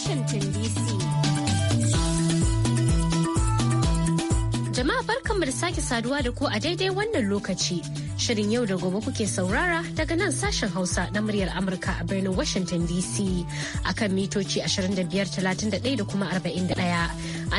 Washington DC. Jama'a mu da sake saduwa da ku a daidai wannan lokaci. Shirin yau da gobe kuke saurara daga nan sashen Hausa na muryar Amurka a birnin Washington DC akan mitoci 25, 31 da kuma 41.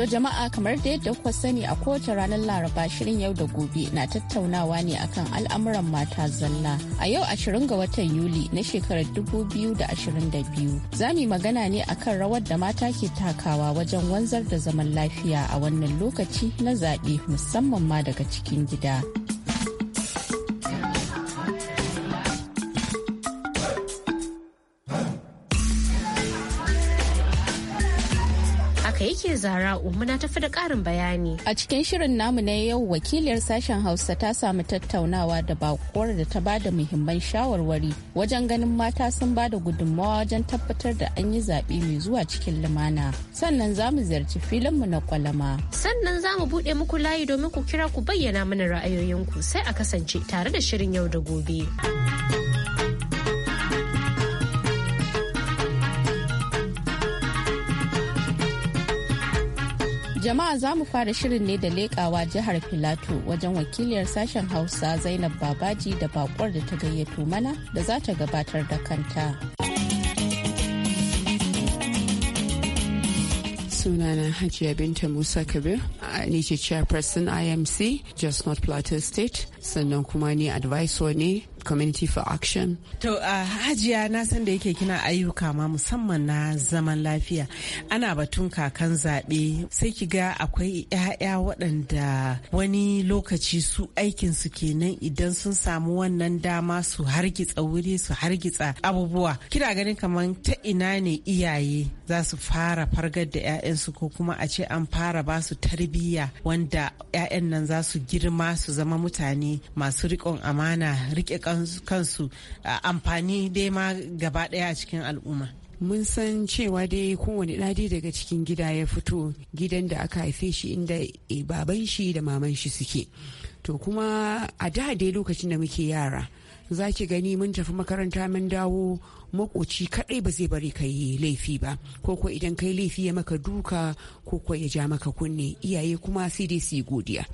To jama'a kamar da yadda kuka sani a kowace ranar Laraba shirin yau da gobe na tattaunawa ne akan al'amuran mata zalla. A yau 20 ga watan Yuli na shekarar 2022 za mu magana ne akan rawar da mata ke takawa wajen wanzar da zaman lafiya a wannan lokaci na zaɓe musamman ma daga cikin gida. nake zara'u muna tafi da karin bayani. A cikin shirin namu na yau wakiliyar sashen Hausa ta samu tattaunawa da bakuwar da ta bada muhimman shawarwari wajen ganin mata sun bada gudunmawa wajen tabbatar da an yi zaɓe mai zuwa cikin lumana. Sannan za mu ziyarci mu na kwalama. Sannan za mu buɗe muku layi domin ku kira ku bayyana mana ra'ayoyinku sai a kasance tare da shirin yau da gobe. Jama'a za mu fara shirin ne da leƙawa jihar Filato wajen wakiliyar sashen Hausa Zainab Babaji da bakwar da ta gayyato mana da za ta gabatar da kanta. sunana Hajiya Binta Musa Kabir, ni ce chairperson IMC, Just Not Plateau State, sannan kuma ni advisor ne community for action to a hajiya na san da yake kina ayyuka ma musamman na zaman lafiya ana batun kakan zaɓe sai ki ga akwai 'ya'ya waɗanda wani lokaci su aikin su kenan idan sun samu wannan dama su hargitsa wuri su hargitsa abubuwa kina ganin kamar ta ina ne iyaye za su fara fargar da 'ya'yansu ko kuma a ce an fara ba su tarbiyya wanda 'ya'yan nan za su girma su zama mutane masu riƙon amana riƙe kansu amfani dai ma gaba daya a cikin al'umma mun san cewa dai kowane ɗadi daga cikin gida ya fito gidan da aka haife shi inda eh, baban shi da maman shi suke to kuma a da dai lokacin da muke yara za ki gani mun tafi makaranta mun dawo makoci kadai ba zai bari ka yi laifi ba ko kuwa idan kai laifi ya maka duka ko kuwa ya ja maka kunne iyaye kuma sai dai su yi godiya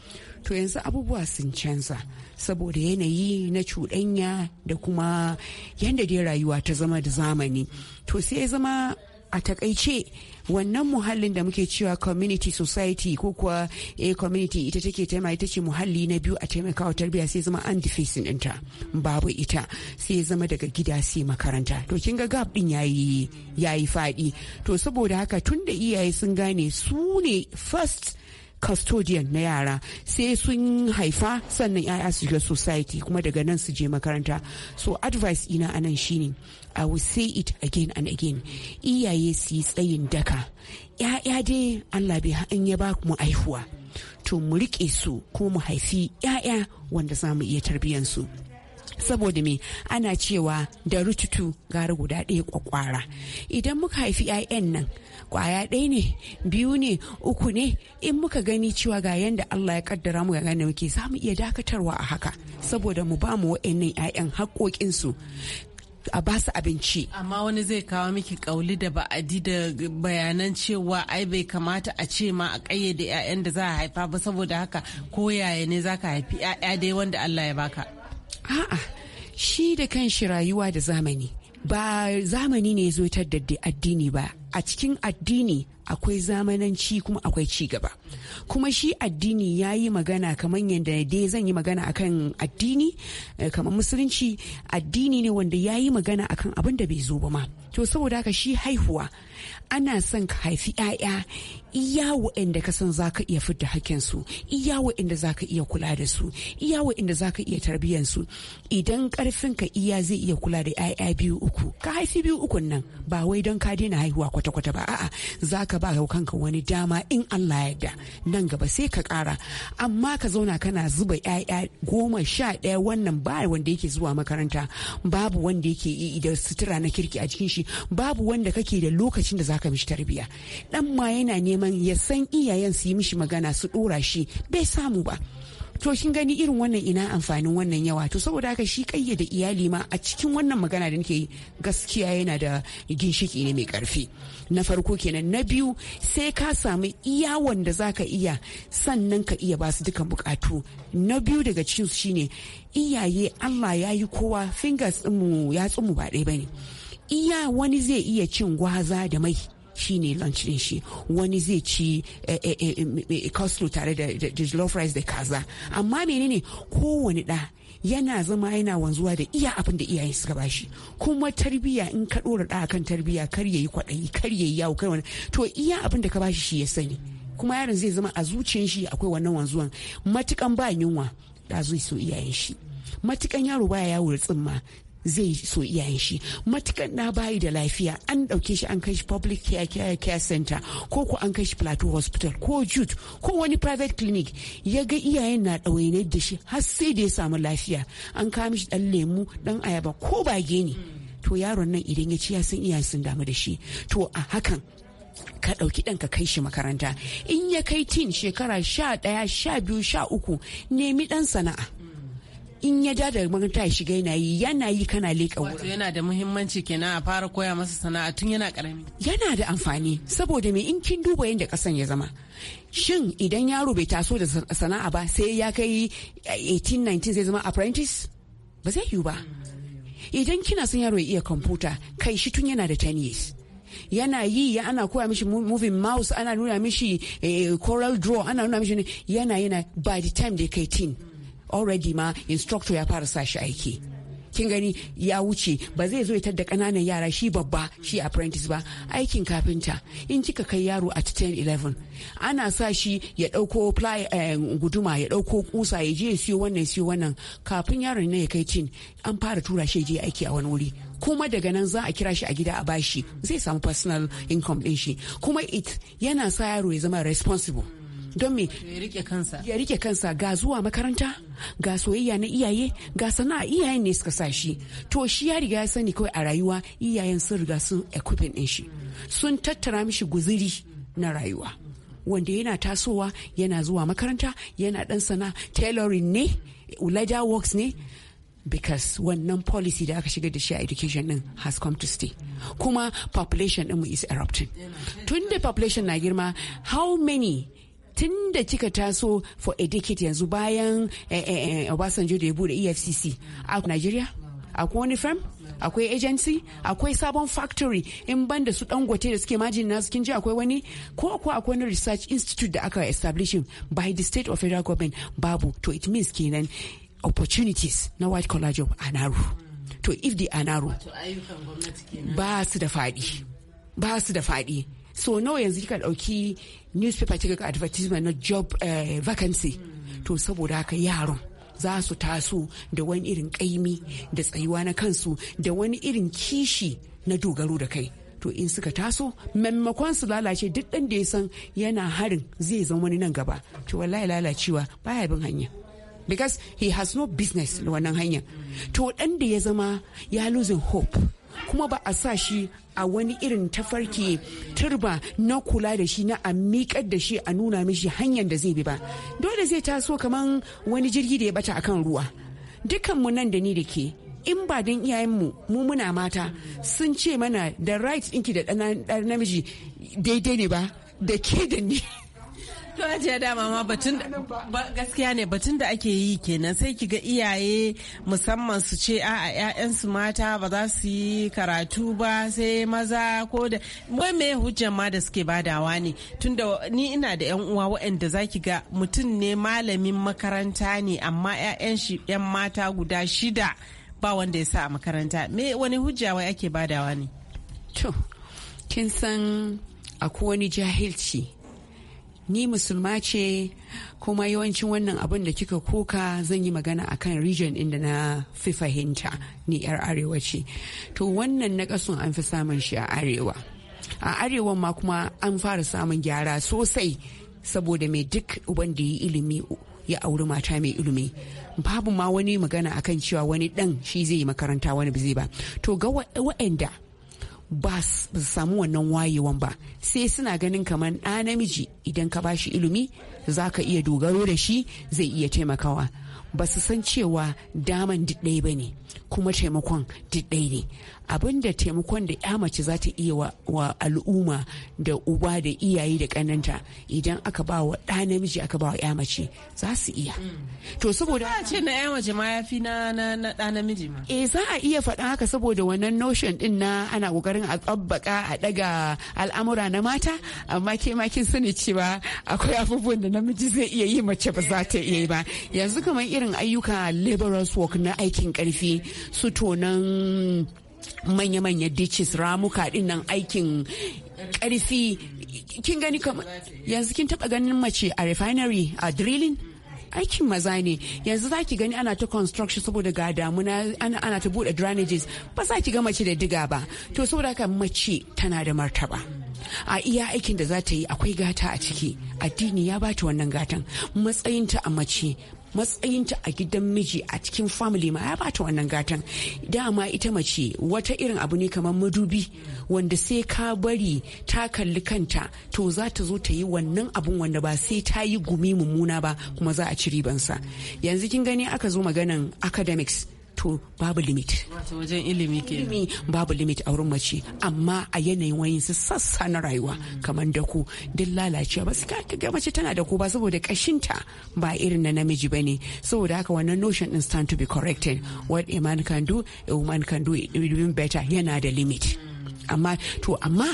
to yanzu abubuwa sun canza saboda yanayi na cuɗanya da kuma yanda dai rayuwa ta zama da zamani to sai ya zama a takaice wannan muhallin da muke cewa community society ko kuwa a eh, community ita take taimaka ita ce muhalli na biyu a taimakawa tarbiyya sai zama an defacing ɗinta babu ita sai zama daga gida sai makaranta to kin ga gap din yayi yayi faɗi to saboda haka tun da iyaye sun gane su ne first custodian na yara sai sun haifa sannan 'ya'ya su shiga society kuma daga nan su je makaranta so advice ina anan shine i will say it again and again iyaye su yi tsayin daka 'ya'ya dai allah bai in ya ba mu aihuwa to mu riƙe su kuma mu haifi 'ya'ya wanda za mu iya tarbiyyansu saboda me ana cewa da rututu gara guda ɗaya kwakwara idan muka haifi 'ya'yan nan kwaya ɗaya ne biyu ne uku ne in muka gani cewa ga yanda Allah ya kaddara mu ga gane muke za mu iya dakatarwa a haka saboda mu ba mu wa'annan 'ya'yan haƙoƙinsu a ba su abinci. Amma wani zai kawo miki kauli da ba'adi da bayanan cewa ai bai kamata a ce ma a ƙayyade 'ya'yan da za a haifa ba saboda haka ko yaya ne za ka haifi 'ya'ya dai wanda Allah ya baka. A'a, shi da kan shi rayuwa da zamani. Ba zamani ne zo da addini ba, a cikin addini akwai zamananci kuma akwai ci gaba. Kuma shi addini ya yi magana kamar yadda dai zan yi magana akan addini, eh, kamar musulunci addini ne wanda ya yi magana akan abin da bai zo ba ma. To saboda haka shi haihuwa ana son ka haifi 'ya'ya iya wa'anda ka san zaka iya fidda hakinsu iya wa'anda zaka iya kula da su iya wa'anda zaka iya tarbiyyansu idan karfin ka iya zai iya kula da 'ya'ya biyu uku ka haifi biyu ukun nan ba wai don ka daina haihuwa kwata-kwata ba a'a zaka ba kanka wani dama in Allah ya yarda nan gaba sai ka kara amma ka zauna kana zuba 'ya'ya goma sha ɗaya wannan ba wanda yake zuwa makaranta babu wanda yake da sutura na kirki a cikin shi babu wanda kake da lokacin lokacin da zaka mishi tarbiya dan ma yana neman ya san iyayen su yi mishi magana su dora shi bai samu ba to kin gani irin wannan ina amfanin wannan yawa to saboda haka shi da iyali ma a cikin wannan magana da nake gaskiya yana da ginshiki ne mai karfi na farko kenan na biyu sai ka samu iya wanda ka iya sannan ka iya basu duka bukatu na biyu daga cikin shine iyaye Allah ya yi kowa fingers mu ya tsumu ba ɗaya bane iya wani zai iya cin gwaza da mai shi ne lunch din shi wani zai ci eh, eh, eh, coleslaw tare da jollof rice da kaza amma menene kowane da yana zama yana wanzuwa da iya abin da iyayen suka bashi kuma tarbiya in ka dora da kan tarbiya kar yayi kwaɗayi kar yayi yawo kar wani to iya abin da ka bashi shi ya sani kuma yaron zai zama a zuciyar shi akwai wannan wanzuwan matukan ba yunwa da zai so iyayen shi matukan yaro baya yawo da tsimma zai so iyayen shi matukan na bayi da lafiya an ɗauke shi an kai shi public care, care, center ko ko an kai shi plateau hospital ko jude ko wani private clinic ya ga iyayen na ɗawaine da shi har sai da ya samu lafiya an ka shi dan lemu dan ayaba ko ba gene to yaron nan idan ya ci ya san iyayen sun damu da shi to a hakan ka ɗauki ɗan ka kai shi makaranta in ya kai tin shekara sha ɗaya sha biyu sha uku nemi ɗan sana'a in ya da daga makaranta ya shiga yana yi yana yi kana leƙa wurin. Wato yana da muhimmanci kenan a fara koya masa sana'a tun yana ƙarami. Yana da amfani saboda me in kin duba yadda kasan ya zama. Shin idan yaro bai taso da sana'a ba sai ya kai 18 19 zai zama apprentice? Ba zai yiwu ba. Idan kina son yaro ya iya kwamfuta kai shi tun yana da 10 years. yana yi ya ana koya mishi moving mouse ana nuna mishi eh, coral draw ana nuna mishi yana yana by the time da kai teen already ma instructor ya fara sa shi aiki kin gani ya wuce ba zai zo ya da kananan yara shi babba shi apprentice ba aikin kafinta in kika kai yaro a 10 11 ana sa shi ya dauko fly eh, guduma ya dauko kusa ya je siyo wannan siyo wannan kafin yaron na ya kai tin an fara tura shi je aiki a wani wuri kuma daga nan za a kira shi a gida a bashi zai samu personal income din shi kuma it yana sa yaro ya zama responsible don me ya rike kansa ga zuwa makaranta ga soyayya na iyaye ga sana'a iyayen ne suka sa shi to shi ya riga ya sani kawai a rayuwa iyayen sun riga sun equipment din shi sun tattara mishi guziri na rayuwa wanda yana tasowa yana zuwa makaranta yana dan sana tailoring ne ulaja works ne because wannan policy da aka shiga da shi a education din has come to stay kuma population din mu is erupting tun da population na girma how many Tunda da kika taso for a decade yanzu bayan eh, eh, eh, Obasanjo da ya bude EFCC a Nigeria? Akwai wani firm? Akwai agency? Akwai sabon factory in ban da su dangote da suke majin nasu kin ji akwai wani ko akwai akwai wani research institute da aka establishing by the state of federal government babu to it means kenan opportunities na white collar job a naru. To if the are ba su da faɗi. Ba su da faɗi. So nawa yanzu kika ɗauki newspaper kika ga advertisement na job eh, vacancy to saboda haka yaron za su taso da wani irin kaimi da tsayuwa na kansu da wani irin kishi na dogaro da kai to in suka taso maimakon su lalace duk ɗan da ya san yana harin zai zama wani nan gaba to wallahi lalacewa baya bin hanya because he has no business wannan hanya to ɗan da ya zama ya losing hope kuma ba a sa shi a wani irin tafarki turba na kula da shi na a miƙar da shi a nuna mishi hanyar da zai bi ba dole zai taso kamar wani jirgi da ya bata akan ruwa dukanmu nan da ni da ke in ba don iyayenmu mu muna mata sun ce mana da right ɗinki da ɗan namiji daidai ne ba da ke da ni To ce dama ma batun gaskiya ne batun da ake yi kenan sai ki ga iyaye musamman su ce a su mata ba za su yi karatu ba sai maza ko da wai me hujjan ma da suke badawa ne tunda ni ina da ƴan uwa waɗanda za ki ga mutum ne malamin makaranta ne amma ƴaƴan shi ƴan mata guda shida ba wanda ya sa a makaranta me wani hujja wai ake badawa ne. To kin san akwai wani jahilci ni musulma ce kuma yawancin wannan abin da kika koka zan yi magana akan region inda na fi fahimta ni yar arewa ce to wannan na kasun an fi samun shi a arewa a arewa ma kuma an fara samun gyara sosai saboda mai duk wanda ya ilimi ya auri mata mai ilimi babu ma wani magana akan cewa wani dan shi zai yi makaranta wani ba zai ba to ga waɗanda ba su samu wannan wayewan ba sai suna ganin kamar ɗa namiji idan ka bashi ilimi za ka iya dogaro da shi zai iya taimakawa ba su san cewa daman ɗaya ba ne kuma taimakon ɗaya ne abin da taimakon da ya mace za ta iya wa al'umma da uba da iyaye da kananta idan aka ba wa ɗa namiji aka ba wa ya mace za su iya hmm. to saboda a ce na ya mace ma ya fi na ɗa namiji ma eh za a iya faɗa haka saboda wannan notion din na ana kokarin a tsabbaka a ɗaga al'amura na mata amma ke ma kin sani cewa akwai abubuwan da namiji zai iya yi mace ba za ta iya yi ba yanzu kamar irin ayyuka laborers work na aikin karfi su tonan manya manya ditches ramuka dinnan aikin karfi kin gani yanzu kin taba ganin mace a refinery a drilling aikin maza ne yanzu za ki gani ana ta construction saboda ga damuna ana, ana ta bude drainages ba za ki ga mace da diga ba to saboda ka mace tana da martaba a iya aikin da za ta yi akwai gata a ciki addini ya bata wannan gatan matsayinta a mace matsayinta a gidan miji a cikin family ma ya bata wannan gatan dama ita mace wata irin abu ne kamar madubi wanda sai ka bari ta kalli kanta to za ta zo ta yi wannan abun wanda ba sai ta yi gumi mummuna ba kuma za a ci ribansa yanzu kin gani aka zo maganan academics to babu limit wajen ilimi ke ilimi babu limit a wurin mace amma a yanayin wayin su sassa na rayuwa kamar da ku duk lalacewa ba su ka ga mace tana da ku ba saboda kashinta ba irin na namiji ba bane saboda haka wannan notion in stand to be corrected what a man can do a woman can do even better yana da limit amma to amma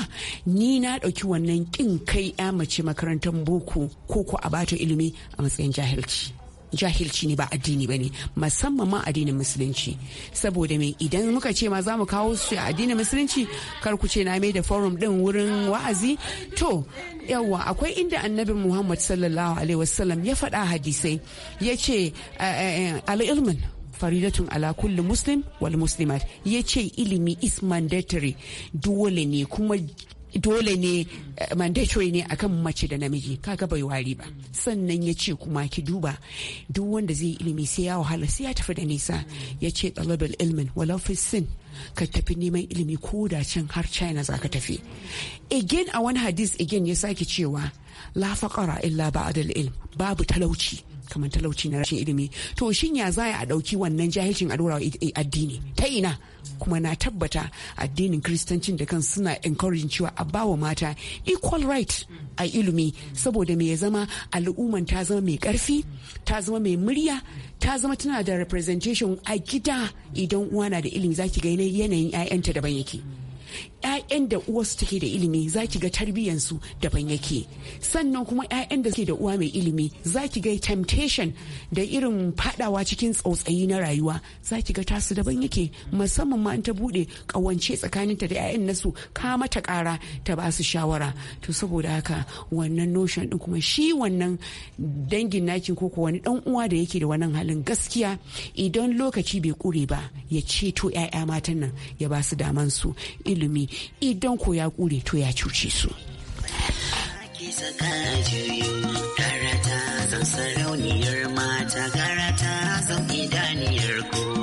ni na ɗauki wannan kin kai ya mace makarantar boko ko ko a bata ilimi a matsayin jahilci jahilci ne ba addini ba ne musamman ma addinin musulunci saboda me idan muka ce ma za mu kawo su a addinin musulunci kar ku ce na mai da forum din wurin wa'azi to yawwa akwai inda annabi muhammad sallallahu alaihi wasallam ya faɗa hadisai ya ce al'ilmin faridatun ala kulli muslim wal muslimat ya ce ilimi is mandatory dole ne kuma dole ne eh, mandatory ne akan mace da namiji kaga bai wari ba sannan ya ce kuma ki duba duk wanda zai ilimi sai ya wahala sai ya tafi da nisa ya ce talabal ilmin walau fi sin ka tafi neman ilimi ko da can har china za ka tafi again a wani hadis again ya sake cewa la faqara illa ba'dal ilm babu talauci kamar talauci na rashin ilimi to shin ya za a ɗauki wannan jahilcin a dora addini ta ina kuma na tabbata addinin kristancin da kan suna encouraging cewa a bawa mata equal right a ilimi saboda me ya zama al'umman ta zama mai karfi ta zama mai murya ta zama tana da representation a gida idan uwa na da ilimi zaki ga yanayin 'ya'yanta daban yake 'ya'yan da su take da ilimi za ki ga tarbiyyansu daban yake sannan kuma 'ya'yan da suke da uwa mai ilimi za ki ga temptation da irin fadawa cikin tsautsayi na rayuwa za ki ga tasu daban yake musamman ma an ta bude kawance tsakaninta da 'ya'yan nasu ka mata kara ta ba su shawara to saboda haka wannan notion din kuma shi wannan dangin nakin ko wani dan uwa da yake da wannan halin gaskiya idan lokaci bai kure ba ya ceto 'ya'ya matan nan ya ba su daman su ilimi idan ko ya kure to ya cuce su. Karata zan sarauniyar mata, karata zan idaniyar kowa.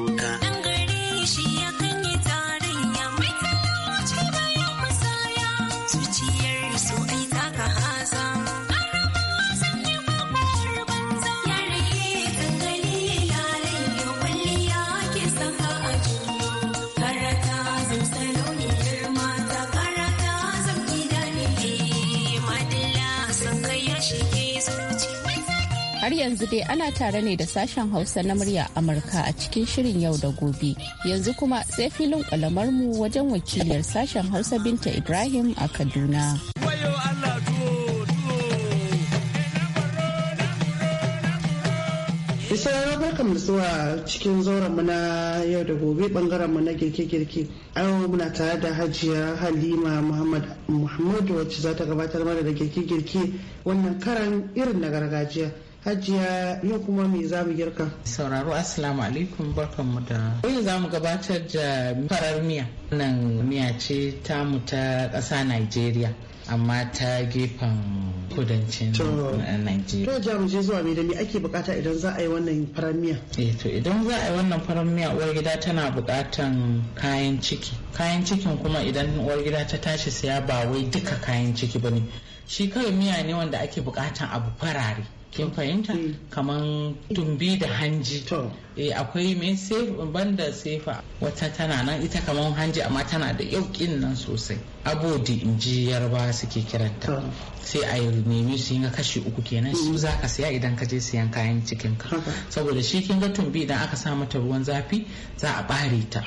Har yanzu dai ana tare ne da sashen Hausa na murya Amurka a cikin shirin yau da gobe. Yanzu kuma sai filin mu wajen wakiliyar sashen Hausa Binta Ibrahim a Kaduna. Isra'ila barkan da zuwa cikin zauren mu na yau da gobe bangaren mu na girke-girke. An muna tare da hajiya Halima Muhammad Muhammadu wacce za ta gabatar mana da girke-girke wannan karan irin na gargajiya. Hajiya yau kuma me za mu girka? Sauraro asalamu alaikum mu da. Yau za mu gabatar da farar miya. Nan miya ce mu ta ƙasa Najeriya amma ta gefen kudancin Najeriya. To ja je zuwa me da me ake bukata idan za a yi wannan farar miya? Eh to idan za a yi wannan farar miya uwar gida tana bukatan kayan ciki. Kayan cikin kuma idan uwar gida ta tashi siya ba wai duka kayan ciki bane. Shi kawai miya ne wanda ake bukatan abu farare. kin fahimta mm. kaman tumbi da hanji eh akwai mai sefa banda sefa wata tana nan ita kaman hanji amma tana da yaukin nan sosai abodi in ji yarba suke kiranta sai a nemi su yi kashi uku kenan su mm. za ka siya idan ka je siyan kayan cikin ka saboda shi kin ga tumbi idan aka sa mata ruwan zafi za a bare ta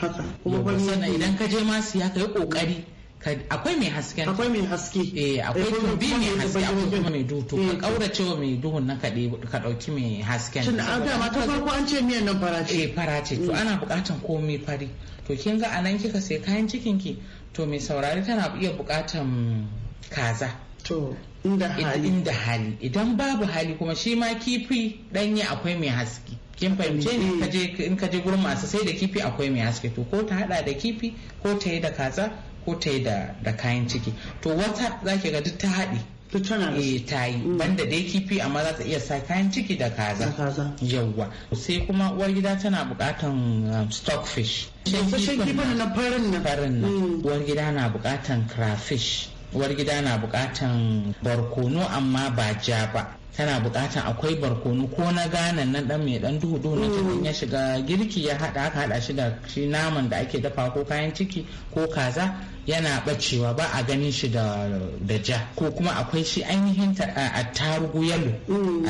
idan ka je ma siya ka yi kokari akwai mai hasken akwai mai haske eh akwai eh, dubi mai haske akwai kuma mai duto ka kaura eh, cewa mai duhun na kade ka dauki mai hasken shin an ga mata farko an ce miyan nan farace eh farace to mm. ana bukatan komai fari to kin ga anan kika sai kayan cikin ki to mai saurari tana iya bukatan kaza to inda hali inda hali idan babu hali kuma shi ma kifi danye akwai mai haske kin fahimce ne mm. in ka je gurin masu sai da kifi akwai mai haske to ko ta hada da kifi ko ta yi da kaza ko ta yi da kayan ciki to wata za ki ga duk ta haɗi eh ta yi mm. banda dai kifi amma za ta iya sa kayan ciki da kaza yawwa sai kuma uwar gida tana buƙatan um, stockfish shekifin na farin na mm. uwar gida na buƙatan crayfish uwar gida na bukatan barkono amma ba ja ba tana bukatan akwai barkono ko na ganan nan dan mai dan duhu duhu na mm. ya shiga girki ya hada aka hada shi da shi naman da ake dafa ko kayan ciki ko kaza yana bacewa ba a ganin shi da ja ko kuma akwai shi ainihin tarugu yalo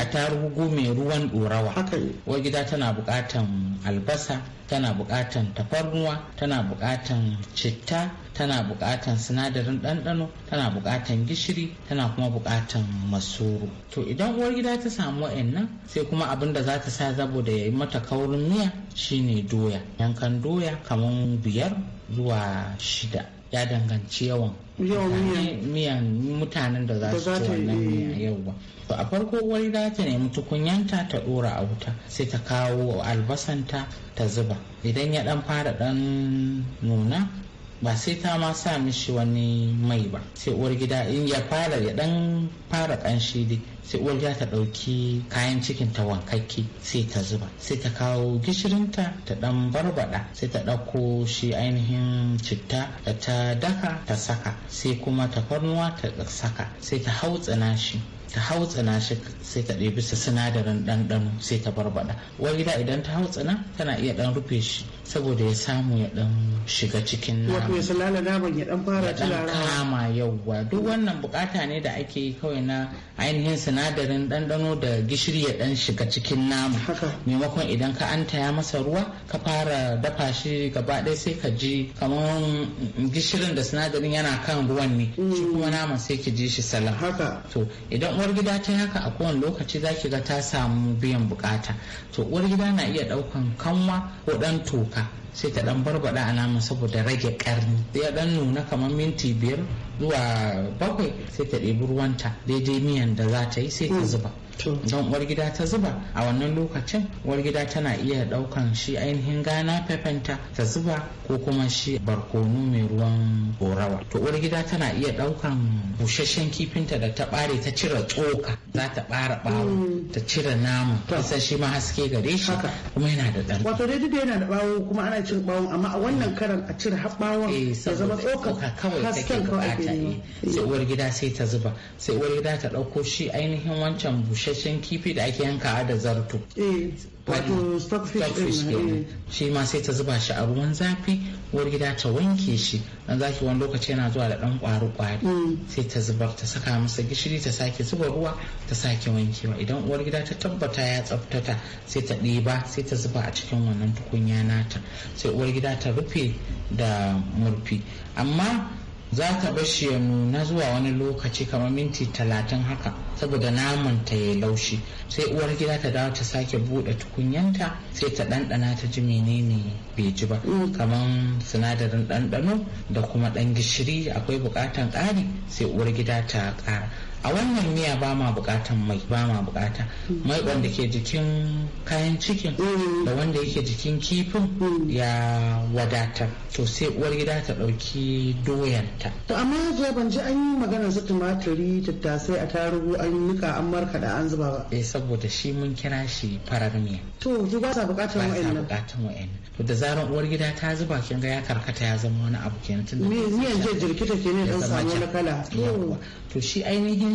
a tarugu mm. mai ruwan dorawa uwar gida tana bukatan albasa tana bukatan tafarnuwa tana bukatan citta tana buƙatan sinadarin ɗanɗano tana buƙatan gishiri tana kuma buƙatan masoro to idan uwar gida ta samu wa'annan sai kuma abin da za ta sa da ya yi mata kaurin miya shine doya yankan doya kamar biyar zuwa shida ya danganci yawan miyan mutanen da za su ci wannan miya yau ba to a farko uwar gida ta nemi tukunyanta ta ɗora a wuta sai ta kawo albasanta ta zuba idan ya dan fara ɗan nuna ba sai ta ma sa mishi wani mai ba sai uwar gida in ya fara ya dan fara kanshi dai sai uwar gida ta dauki kayan cikin ta wankakke sai ta zuba sai ta kawo gishirinta ta dan barbada sai ta dauko shi ainihin citta da ta daka ta saka sai kuma ta tafarnuwa ta saka sai ta hautsina shi ta hautsina shi sai ta ɗebi sinadarin ɗanɗano sai ta barbada uwar gida idan ta hautsina tana iya ɗan rufe shi saboda ya samu ya dan shiga cikin nama wato ya salala naman ya dan fara tilara kama yauwa duk wannan bukata ne da ake kawai na ainihin sinadarin dandano da gishiri ya dan shiga cikin nama maimakon idan ka ya masa ruwa ka fara dafa shi gaba ɗaya sai ka ji kamar gishirin da sinadarin yana kan ruwan ne shi mm. kuma nama sai ki ji shi salam haka to idan uwar gida ta haka a kowane lokaci za ki ga ta samu biyan bukata to uwar gida na iya daukan kanwa ko dan toka wuka sai ta dan barbada alamun saboda rage karni ya dan nuna kamar minti biyar zuwa bakwai sai ta ɗebi ruwanta daidai miyan da za ta yi sai ta zuba don uwar gida ta zuba a wannan lokacin uwar gida tana iya daukan shi ainihin gana pepenta ta zuba ko kuma shi barkono mai ruwan gorawa to uwar gida tana iya daukan busasshen kifinta da ta bare ta cire tsoka za ta bara bawo mm. ta cire namu kusan shi ma haske gare shi kuma yana da dan wato dai duk yana da bawo kuma ana cin bawo amma a wannan mm. karan a cire har bawon eh, ya zama tsoka kawai take bukata eh. sai uwar gida sai ta zuba sai uwar gida ta dauko shi ainihin wancan bushe busasshen kifi da ake yankawa da zarto eh, wato stockfish eh. shi ma sai ta zuba shi a ruwan zafi uwargida gida ta wanke shi dan zaki wani lokaci yana zuwa da dan kwaru kwari mm. sai ta zubar ta saka masa gishiri ta sake zuba ruwa ta sake wankewa idan uwar gida ta tabbata ya tsaftata sai ta ɗeba sai ta zuba a cikin wannan tukunya nata sai uwar gida ta rufe da murfi amma za ka bar shi ya nuna zuwa wani lokaci kamar minti talatin haka saboda naman ta yi laushi sai uwar gida ta dawo ta sake bude tukunyanta sai ta ɗanɗana ta ji menene bai ji ba mm. kamar sinadarin ɗanɗano da kuma ɗan gishiri akwai buƙatan ƙari sai uwar gida ta ƙara a wannan miya ba ma bukatan mai ba ma bukata mai wanda ke jikin kayan cikin da wanda yake jikin kifin ya wadatar to sai uwar gida ta dauki ta to amma ya ban ji an yi magana su tumaturi tattasai a tarugu an yi nika an da an zuba ba eh saboda shi mun kira shi farar miya to ki ba sa bukatan wa'annan ba sa bukatan to da zaran uwar gida ta zuba kin ga ya karkata ya zama wani abu kenan tunda miyan je jirkita ne dan samu wani kala to shi ainihin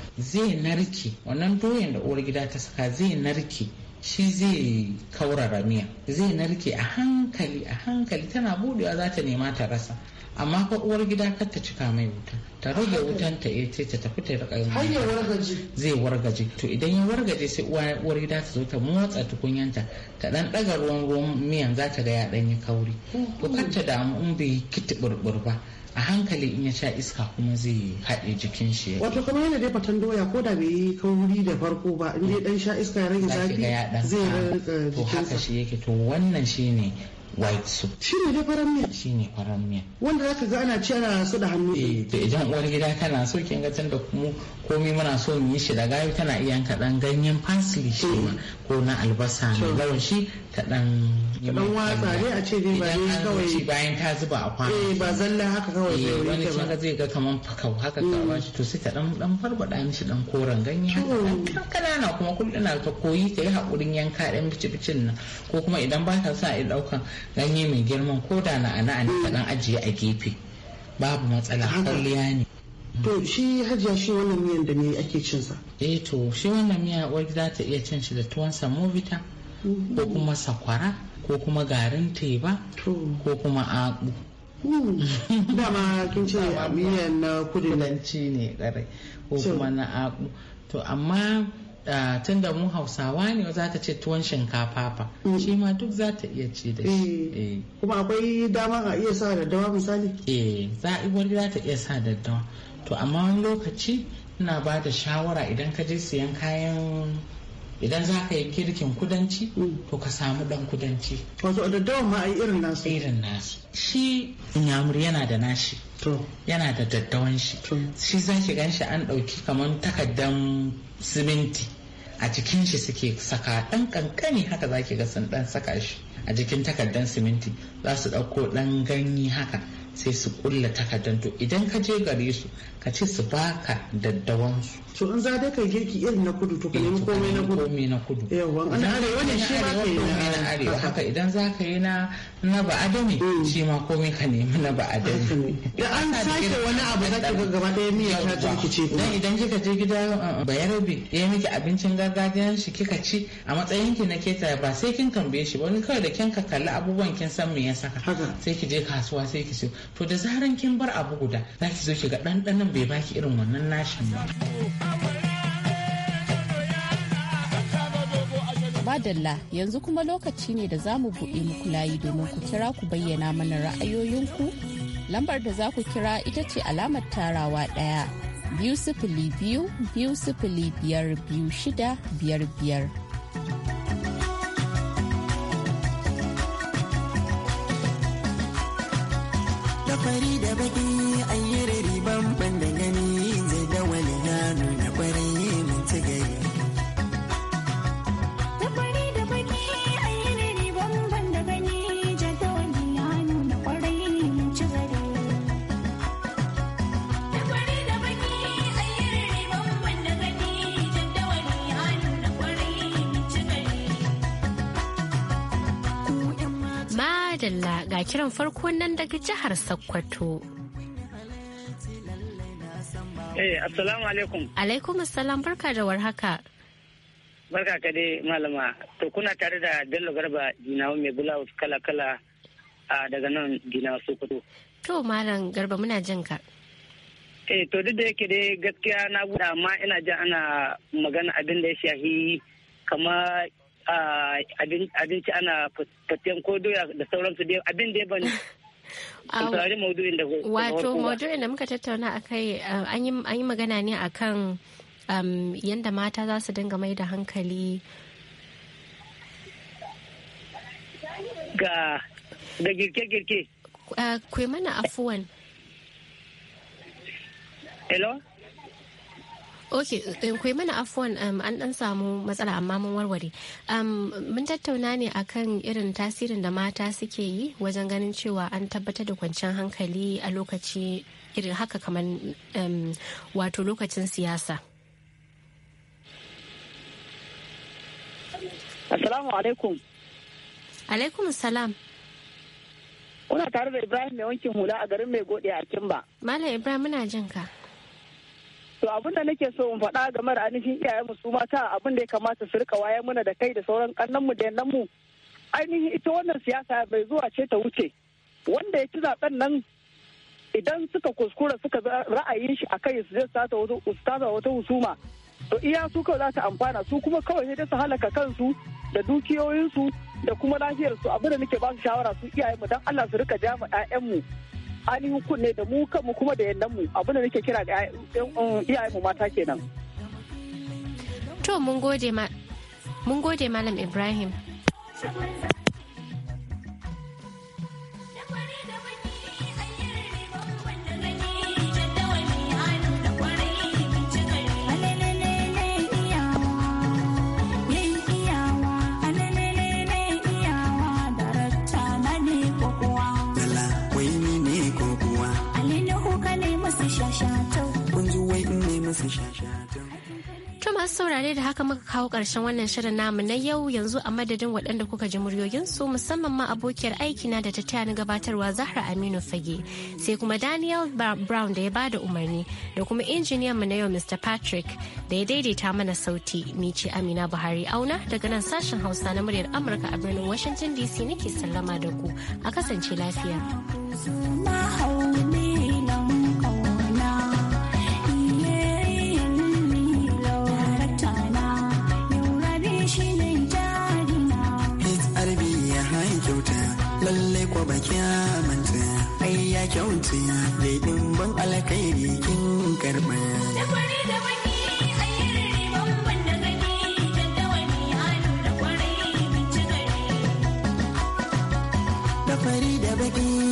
zai narke wannan doyan da uwar gida ta saka zai narke shi zai kaurara miya zai narke a hankali a hankali tana budewa za ta nema ta rasa amma fa uwar gida kar ta cika mai wuta ta rage wutan ta ya eh, ta tafi ta rika har zai wargaje to idan ya wargaje sai uwar gida ta zo ta motsa tukunyanta ta dan daga ruwan ruwan miyan za ta ga ya dan yi kauri oh. to kar ta damu in bai yi ba a hankali in ya sha iska kuma zai haɗe jikin shi ya wato kamar yana dai fatan doya ko da bai yi kauri da farko ba in dai dan sha iska ya rage zafi zai rage to haka shi yake to wannan shine white soup ne da faran miya ne faran miya wanda zaka ga ana ci ana su da hannu eh to idan uwar gida kana so kin ga tunda kuma komai muna so mu yi shi da gayu tana iya yanka dan ganyen parsley shi ma mm. ko na albasa ne lawan shi ta dan dan watsa ne a ce dai ba ne kawai bayan ta zuba a kwana eh ba zalla haka kawai eh, zai yi wani kin ga zai ga kaman fakau haka ka mm. ba shi to sai ta dan dan farbada mishi dan koren ganye haka dan kanana kuma kullun ta koyi ta yi hakurin yanka dan bici bicin nan ko kuma idan ba ta sa a daukan ganye mai girman ko da na ana ne kaɗan ajiye a gefe babu matsala kwalliya ne to shi hajiya shi wannan miyan da ne ake cin sa eh to shi wannan miya wai za ta iya cin shi da tuwon samovita mm-hmm. ko kuma sakwara ko kuma garin teba ko kuma agu mm. dama kin ce miyan na kudulanci ne kare ko kuma na agu to amma Eh, tun da mu hausawa ne za ta ce tuwon shinkafa fa mm. shi ma duk za ta iya ci da shi eh. Eh. kuma akwai dama a iya sa daddawa misali eh za wani za ta iya sa daddawa to amma wani lokaci ina ba da shawara idan ka je siyan kayan idan za ka yi kirkin kudanci mm. to ka samu dan kudanci wato da dawa ma yi irin nasu irin nasu shi nyamur yana da nashi yana da daddawan shi shi za ki gan shi an ɗauki kamar takaddan siminti a jikin shi suke saka Dan kankani haka za ki ga sun dan saka shi a jikin takaddan siminti za su ɗauko dan ganye haka sai su kulla takardan to idan ka je gare su ka ce su baka daddawan su to in za da kai girki irin na kudu to ka nemi eh, komai na kudu komai na kudu yawa an arewa wani shi ma kai na arewa haka idan za ka yi na na ba adami eh. shi ma komai ka nemi na ba adami da an sake wani abu za ka gaba daya miya ta turkice dan idan kika je gida eh, bayarabe ya miki abincin gargajiyan shi kika ci a matsayin ki na keta ba sai kin tambaye shi wani kawai da kin ka kalli abubuwan kin san me ya saka sai ki je kasuwa sai ki siyo to da zaran kin bar abu guda za ki zo shiga ɗanɗanon bai baki irin wannan nashin ba. Madalla yanzu kuma lokaci ne da za mu buɗe muku layi domin ku kira ku bayyana mana ra'ayoyinku. Lambar da za ku kira ita ce alamar tarawa ɗaya biyu sifili biyu biyu sifili biyar biyu shida biyar biyar. fari da baki madalla ga kiran farko nan daga jihar Sokoto. Eh, assalamu alaikum. Alaikum assalam barka da warhaka. Barka ka dai malama. To kuna tare da Bello Garba Dinawa mai bulawus kala-kala a daga nan Dinawa Sokoto. To malam Garba muna jin ka. Eh, to duk da yake dai gaskiya na guda amma ina ji ana magana abin da ya shahi kama abinci ana fatiyan ko doya da sauransu dai abin da ya bani wato maudu'in da muka tattauna a kai um, an yi magana ne akan um, yadda mata za su dinga mai da hankali ga da girke-girke. Uh, Kwai mana afuwan. Hello? ok eh, kai mana afuwan um, an dan samu matsala amma mun warware um, mun tattauna ne akan irin tasirin da mata suke yi wajen ganin cewa an tabbatar da kwanciyar hankali a lokaci irin haka kamar um, wato lokacin siyasa Assalamu alaikum. Alaikum salam. Kuna tare da Ibrahim mai wankin hula a garin mai gode a Kimba. Malam Ibrahim muna jin ka. to abin da nake so in faɗa game da ainihin iyayenmu su mata abin da ya kamata su rika waye mana da kai da sauran mu da mu ainihin ita wannan siyasa bai zuwa ce ta wuce wanda ya ci zaben nan idan suka kuskura suka ra'ayin shi a kai su je su tasa wata husuma to iya su kawai za ta amfana su kuma kawai sai su halaka kansu da dukiyoyinsu da kuma lafiyarsu abin da nake ba su shawara su mu don Allah su rika jama mu. ainihin kunne da mu kanmu kuma da yannan mu abin da nake kira ga um, iyayenmu mu mata kenan to mun gode malam ibrahim tumar saurare da haka muka kawo ƙarshen wannan shirin namu na yau yanzu a madadin waɗanda kuka ji muryoyinsu musamman ma abokiyar aikina da ta taya ni gabatarwa Zahra Aminu Fage sai kuma Daniel Brown da ya bada umarni da kuma injiniyan mu na yau Mr. Patrick da ya daidaita mana sauti ni ce Amina Buhari Auna daga nan sashen Hausa na muryar Amurka a birnin Washington DC nake sallama da ku a kasance lafiya. kyauce da ɗimbin alkhairi kin karɓa. Da fari da baki a yi rarriban wanda gani daddawani hannu da kwarai bincikari. Da fari da baki